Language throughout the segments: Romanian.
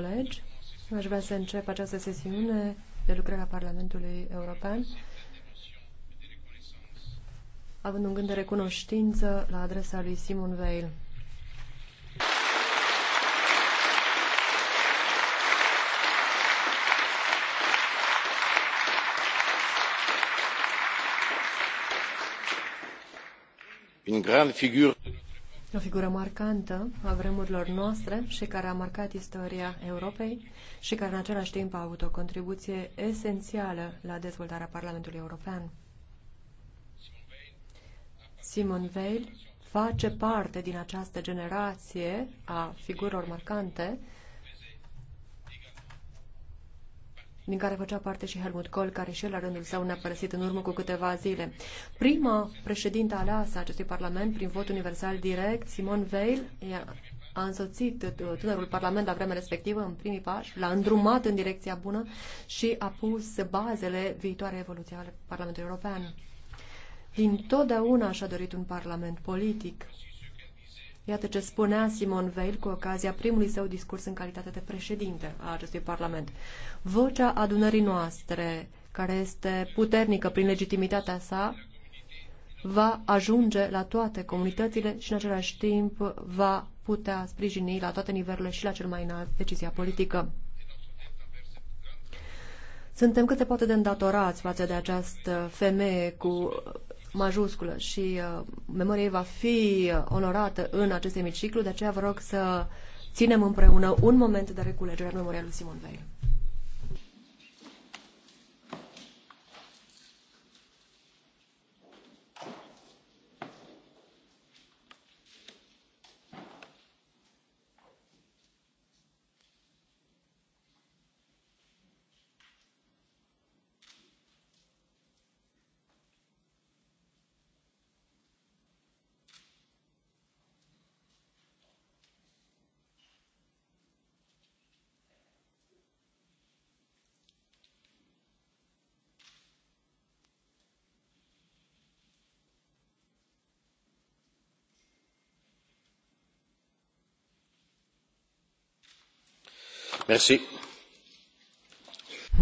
colegi, aș vrea să încep această sesiune de lucrare a Parlamentului European, având un gând de recunoștință la adresa lui Simon Veil. Une grande figure o figură marcantă a vremurilor noastre și care a marcat istoria Europei și care în același timp a avut o contribuție esențială la dezvoltarea Parlamentului European. Simon Veil face parte din această generație a figurilor marcante din care făcea parte și Helmut Kohl, care și el la rândul său ne-a părăsit în urmă cu câteva zile. Prima președintă aleasă a acestui parlament prin vot universal direct, Simon Veil, a însoțit tânărul parlament la vremea respectivă în primii pași, l-a îndrumat în direcția bună și a pus bazele viitoare evoluție ale Parlamentului European. Din totdeauna și-a dorit un parlament politic Iată ce spunea Simon Veil cu ocazia primului său discurs în calitate de președinte a acestui Parlament. Vocea adunării noastre, care este puternică prin legitimitatea sa, va ajunge la toate comunitățile și în același timp va putea sprijini la toate nivelurile și la cel mai înalt decizia politică. Suntem cât se poate de îndatorați față de această femeie cu majusculă și uh, memoria ei va fi uh, onorată în acest emiciclu, de aceea vă rog să ținem împreună un moment de reculegere în memoria lui Simon Veil.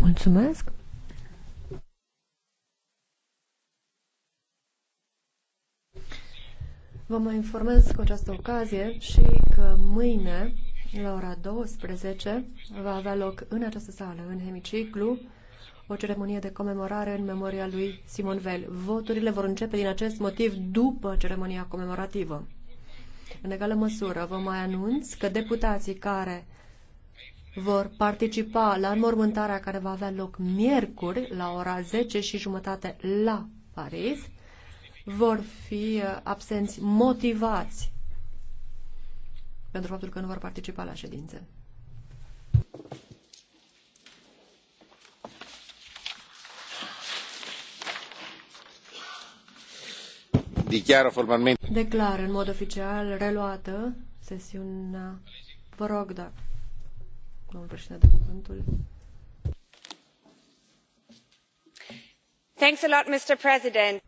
Mulțumesc. Vă mai informez cu această ocazie și că mâine, la ora 12, va avea loc în această sală, în hemiciclu, o ceremonie de comemorare în memoria lui Simon Veil. Voturile vor începe din acest motiv după ceremonia comemorativă. În egală măsură, vă mai anunț că deputații care vor participa la înmormântarea care va avea loc miercuri la ora 10 și jumătate la Paris. Vor fi uh, absenți motivați pentru faptul că nu vor participa la ședințe. Dichiară formalmente. Declar în mod oficial reluată sesiunea. Vă rog, da președinte,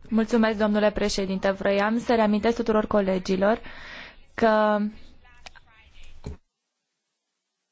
Mulțumesc, domnule președinte. Vroiam să reamintesc tuturor colegilor că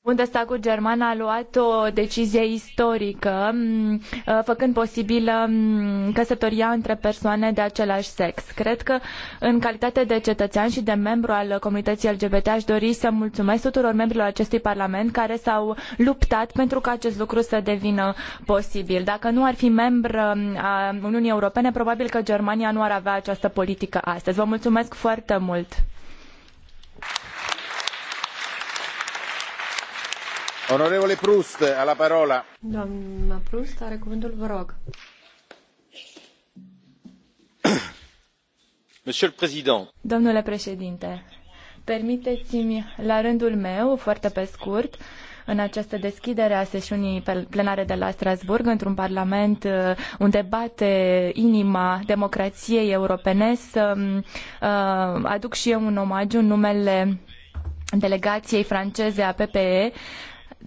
Bundestagul german a luat o decizie istorică, mm, uh, făcând posibilă mm, căsătoria între persoane de același sex. Cred că, în calitate de cetățean și de membru al comunității LGBT, aș dori să mulțumesc tuturor membrilor acestui Parlament care s-au luptat pentru ca acest lucru să devină posibil. Dacă nu ar fi membru mm, a Uniunii Europene, probabil că Germania nu ar avea această politică astăzi. Vă mulțumesc foarte mult! Onorevole Proust, la parola. Doamna Proust are cuvântul, vă rog. Domnule președinte, permiteți-mi la rândul meu, foarte pe scurt, în această deschidere a sesiunii plenare de la Strasbourg, într-un parlament uh, unde bate inima democrației europene, să uh, aduc și eu un omagiu în numele delegației franceze a PPE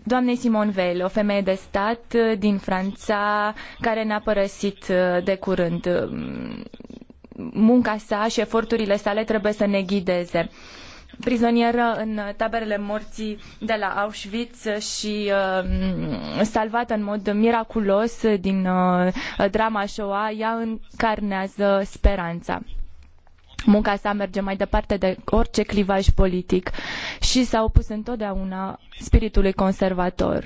doamnei Simon Veil, o femeie de stat uh, din Franța care ne-a părăsit uh, de curând. Um, munca sa și eforturile sale trebuie să ne ghideze. Prizonieră în taberele morții de la Auschwitz și uh, salvată în mod miraculos din uh, drama Shoah, ea încarnează speranța munca sa merge mai departe de orice clivaj politic și s-a opus întotdeauna spiritului conservator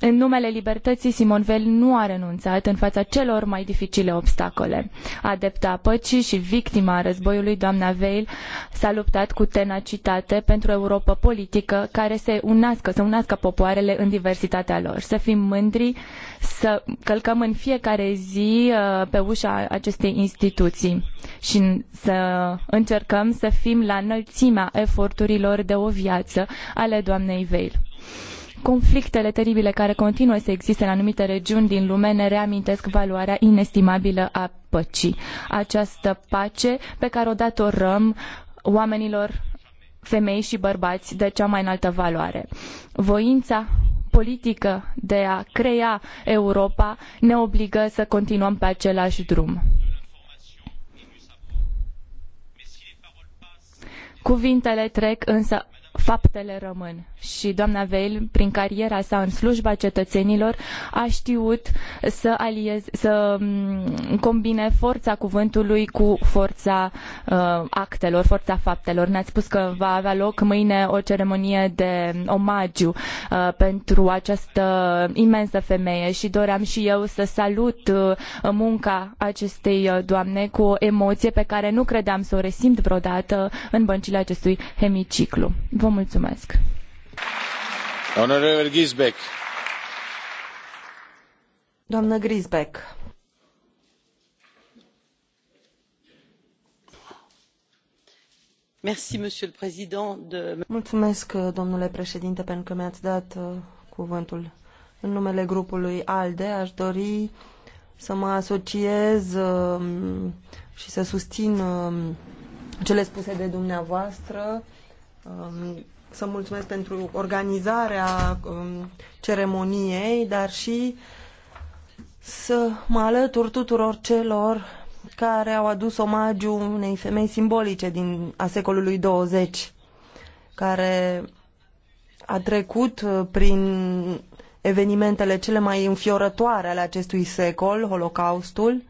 în numele libertății, Simone Veil nu a renunțat în fața celor mai dificile obstacole. Adepta păcii și victima războiului, doamna Veil s-a luptat cu tenacitate pentru o Europa politică care să unească, să unească popoarele în diversitatea lor. Să fim mândri, să călcăm în fiecare zi uh, pe ușa acestei instituții și să încercăm să fim la înălimea eforturilor de o viață ale doamnei Veil. Conflictele teribile care continuă să existe în anumite regiuni din lume ne reamintesc valoarea inestimabilă a păcii. Această pace pe care o datorăm oamenilor, femei și bărbați de cea mai înaltă valoare. Voința politică de a crea Europa ne obligă să continuăm pe același drum. Cuvintele trec, însă faptele rămân. Și doamna Veil, prin cariera sa în slujba cetățenilor, a știut să, aliez, să mm, combine forța cuvântului cu forța uh, actelor, forța faptelor. Ne-ați spus că va avea loc mâine o ceremonie de omagiu uh, pentru această imensă femeie și doream și eu să salut uh, munca acestei uh, doamne cu o emoție pe care nu credeam să o resimt vreodată în băncile acestui hemiciclu. Vom mulțumesc. Onorevole Ghisbeck. Doamnă Grisbeck. Mulțumesc, domnule președinte, pentru că mi-ați dat uh, cuvântul. În numele grupului ALDE aș dori să mă asociez um, și să susțin um, cele spuse de dumneavoastră Um, să mulțumesc pentru organizarea um, ceremoniei, dar și să mă alătur tuturor celor care au adus omagiu unei femei simbolice din a secolului 20, care a trecut uh, prin evenimentele cele mai înfiorătoare ale acestui secol, Holocaustul,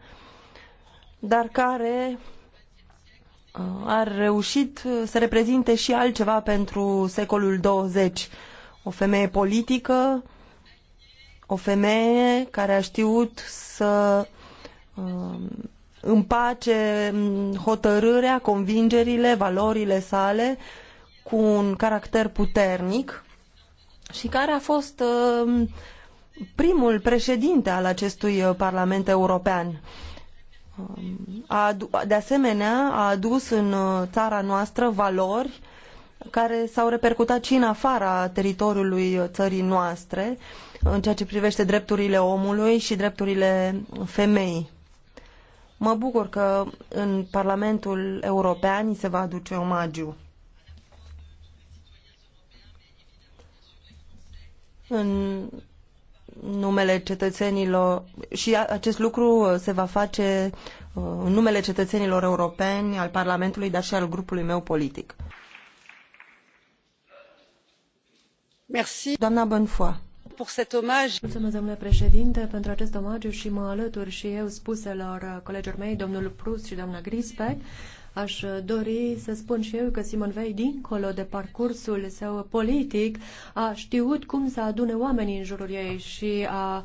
dar care Uh, ar reușit să reprezinte și altceva pentru secolul 20. O femeie politică, o femeie care a știut să uh, împace mm, hotărârea, convingerile, valorile sale cu un caracter puternic și care a fost uh, primul președinte al acestui Parlament European a, de asemenea a adus în uh, țara noastră valori care s-au repercutat și în afara teritoriului uh, țării noastre în ceea ce privește drepturile omului și drepturile femeii. Mă bucur că în Parlamentul European se va aduce omagiu. În numele cetățenilor și acest lucru se va face uh, în numele cetățenilor europeni, al Parlamentului, dar și al grupului meu politic. Merci. Doamna Bonfoy. Mulțumesc, domnule președinte, pentru acest omagiu și mă alătur și eu spuselor colegilor mei, domnul Prus și doamna Grisbeck. Aș dori să spun și eu că Simon Vei, dincolo de parcursul său politic, a știut cum să adune oamenii în jurul ei și a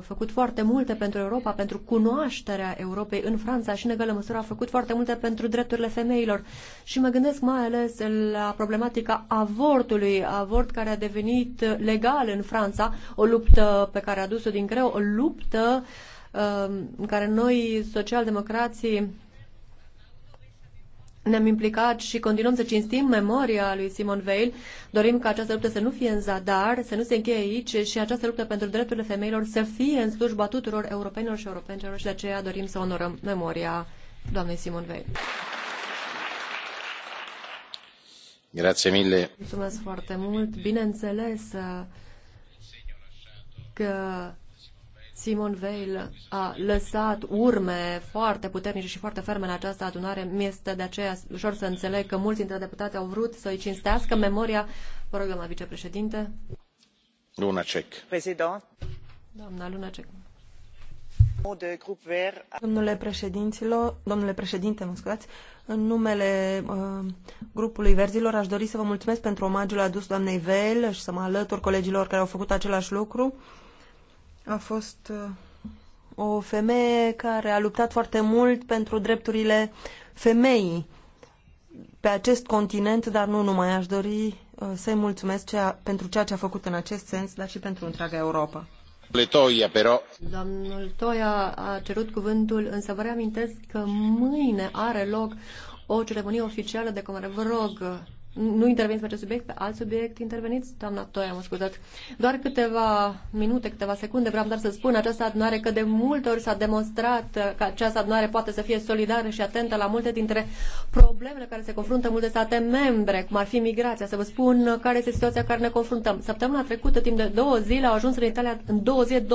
făcut foarte multe pentru Europa, pentru cunoașterea Europei în Franța și, în egală măsură, a făcut foarte multe pentru drepturile femeilor. Și mă gândesc mai ales la problematica avortului, avort care a devenit legal în Franța, o luptă pe care a dus-o din greu, o luptă um, în care noi, socialdemocrații, ne-am implicat și continuăm să cinstim memoria lui Simon Veil. Dorim ca această luptă să nu fie în zadar, să nu se încheie aici și această luptă pentru drepturile femeilor să fie în slujba tuturor europenilor și europenilor și de aceea dorim să onorăm memoria doamnei Simon Veil. Grazie mille. Mulțumesc foarte mult. Bineînțeles uh, că Simon Veil a lăsat urme foarte puternice și foarte ferme în această adunare. Mi-este de aceea ușor să înțeleg că mulți dintre deputați au vrut să-i cinstească memoria. Vă rog, doamna vicepreședinte. Lunacek. Prezident. Doamna Lunacek. Domnule, domnule președinte, mă scuzați, în numele uh, grupului Verzilor aș dori să vă mulțumesc pentru omagiul adus doamnei Veil și să mă alătur colegilor care au făcut același lucru. Uh, a fost uh, o femeie care a luptat foarte mult pentru drepturile femeii pe acest continent, dar nu numai. Aș dori uh, să-i mulțumesc cea, pentru ceea ce a făcut în acest sens, dar și pentru întreaga Europa. Toia, però. Domnul Toia a cerut cuvântul, însă vă reamintesc că mâine are loc o ceremonie oficială de comemorare. Vă rog, nu interveniți pe acest subiect, pe alt subiect interveniți? Doamna Toia, am scuzat. Doar câteva minute, câteva secunde vreau doar să spun această adunare că de multe ori s-a demonstrat că această adunare poate să fie solidară și atentă la multe dintre problemele care se confruntă multe state membre, cum ar fi migrația. Să vă spun care este situația care ne confruntăm. Săptămâna trecută, timp de două zile, au ajuns în Italia în două zile 12.000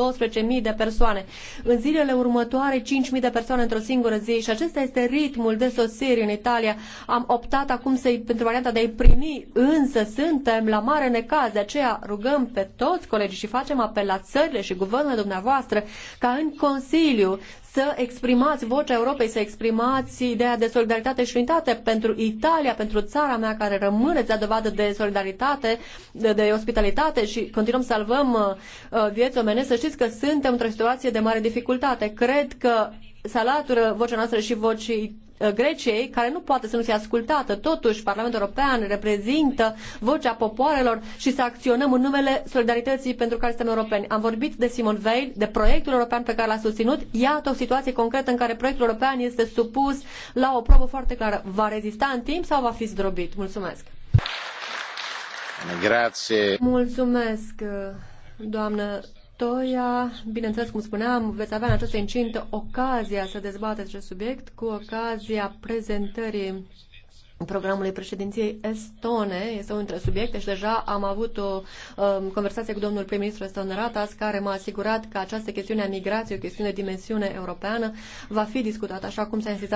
de persoane. În zilele următoare, 5.000 de persoane într-o singură zi și acesta este ritmul de sosiri în Italia. Am optat acum să pentru varianta de mai primi, însă suntem la mare necaz, de aceea rugăm pe toți colegii și facem apel la țările și guvernele dumneavoastră ca în Consiliu să exprimați vocea Europei, să exprimați ideea de solidaritate și unitate pentru Italia, pentru țara mea care rămâne de dovadă de solidaritate, de, de ospitalitate și continuăm să salvăm uh, uh, vieți omenești. Să știți că suntem într-o situație de mare dificultate. Cred că se alatură uh, vocea noastră și vocii Uh, Greciei, care nu poate să nu fie ascultată. Totuși, Parlamentul European reprezintă vocea popoarelor și să acționăm în numele solidarității pentru care suntem europeni. Am vorbit de Simon Veil, de proiectul european pe care l-a susținut. Iată o situație concretă în care proiectul european este supus la o probă foarte clară. Va rezista în timp sau va fi zdrobit? Mulțumesc! Grazie. Mulțumesc, uh, doamnă căruia, bineînțeles, cum spuneam, veți avea în această incintă ocazia să dezbateți acest subiect cu ocazia prezentării programului președinției estone. Este unul dintre subiecte și deja am avut o um, conversație cu domnul prim-ministru Eston Ratas, care m-a asigurat că această chestiune a migrației, o chestiune de dimensiune europeană, va fi discutată, așa cum s-a insistat